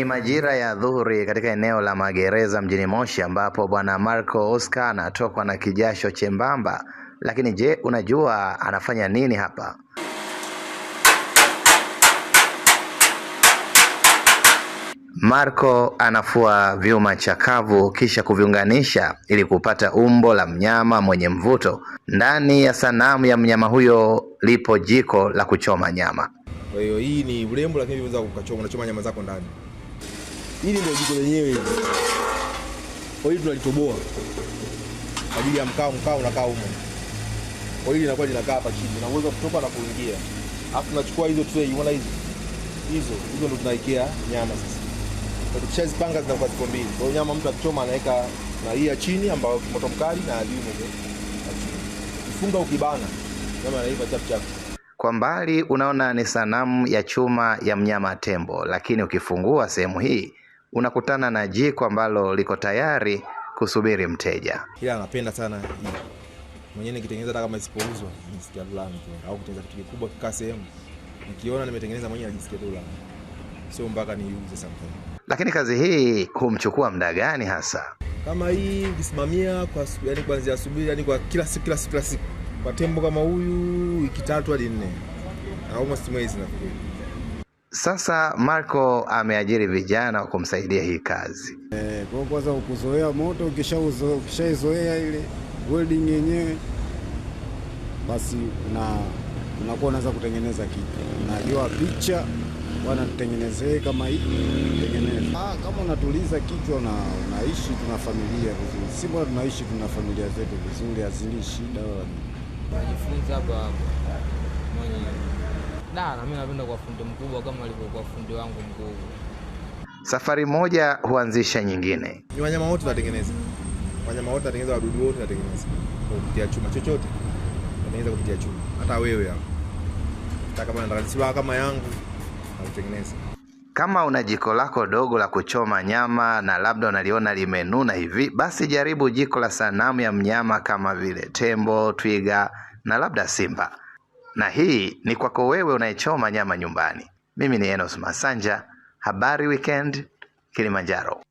Ni majira ya dhuhuri katika eneo la magereza mjini Moshi ambapo bwana Marco Oscar anatokwa na kijasho chembamba. Lakini je, unajua anafanya nini hapa? Marco anafua vyuma chakavu kisha kuviunganisha ili kupata umbo la mnyama mwenye mvuto. Ndani ya sanamu ya mnyama huyo lipo jiko la kuchoma nyama. Kwa hiyo hii ni urembo, lakini unaweza kukachoma, unachoma nyama zako ndani. Hili ndio jiko lenyewe hili. Kwa hiyo tunalitoboa kwa ajili ya mkaa, mkaa unakaa humo. Kwa hiyo inakuwa inakaa hapa chini, na unaweza kutoka na kuingia. Alafu tunachukua hizo tray, unaona hizi hizo hizo ndo tunaikea nyama sasa. Kwa tukishazipanga zinakuwa ziko mbili. Kwa hiyo nyama mtu akichoma anaweka na hii ya chini ambayo moto mkali na juu mwenye kifunga ukibana nyama inaiva chap chap. Kwa mbali unaona ni sanamu ya chuma ya mnyama tembo, lakini ukifungua sehemu hii unakutana na jiko ambalo liko tayari kusubiri mteja. Ila anapenda sana mwenyewe nikitengeneza hata kama isipouzwa nisikia tu au kutengeneza kitu kikubwa kikaa sehemu nikiona nimetengeneza mwenyewe najisikia tu raha, sio mpaka niuze something. Lakini kazi hii kumchukua muda gani hasa? Kama hii ukisimamia kwa yani kuanzia asubuhi yani kwa kila siku kila siku kila siku kwa tembo kama huyu wiki tatu hadi nne almost mwezi nafikiri. Sasa Marco ameajiri vijana wa kumsaidia hii kazi eh, kwa kwanza ukuzoea moto, ukishaizoea ile welding yenyewe basi na unakuwa unaweza kutengeneza kitu, unajua picha bwana, tutengenezee kama hii, tengeneza ah, kama unatuliza kichwa na unaishi tuna familia vizuri, si bora tunaishi tuna familia zetu vizuri, hazili shida wala Da, na mimi napenda kwa fundi mkubwa kama alivyokuwa fundi wangu mkubwa. Safari moja huanzisha nyingine. Ni wanyama wote tunatengeneza, wanyama wote tunatengeneza, wadudu wote tunatengeneza kupitia chuma, chochote tunatengeneza kupitia chuma. Hata wewe hapo, hata kama nataka silaha kama yangu nakutengeneza. Kama una jiko lako dogo la kuchoma nyama na labda unaliona limenuna hivi, basi jaribu jiko la sanamu ya mnyama kama vile tembo, twiga na labda simba na hii ni kwako wewe unayechoma nyama nyumbani. Mimi ni Enos Masanja, Habari Weekend, Kilimanjaro.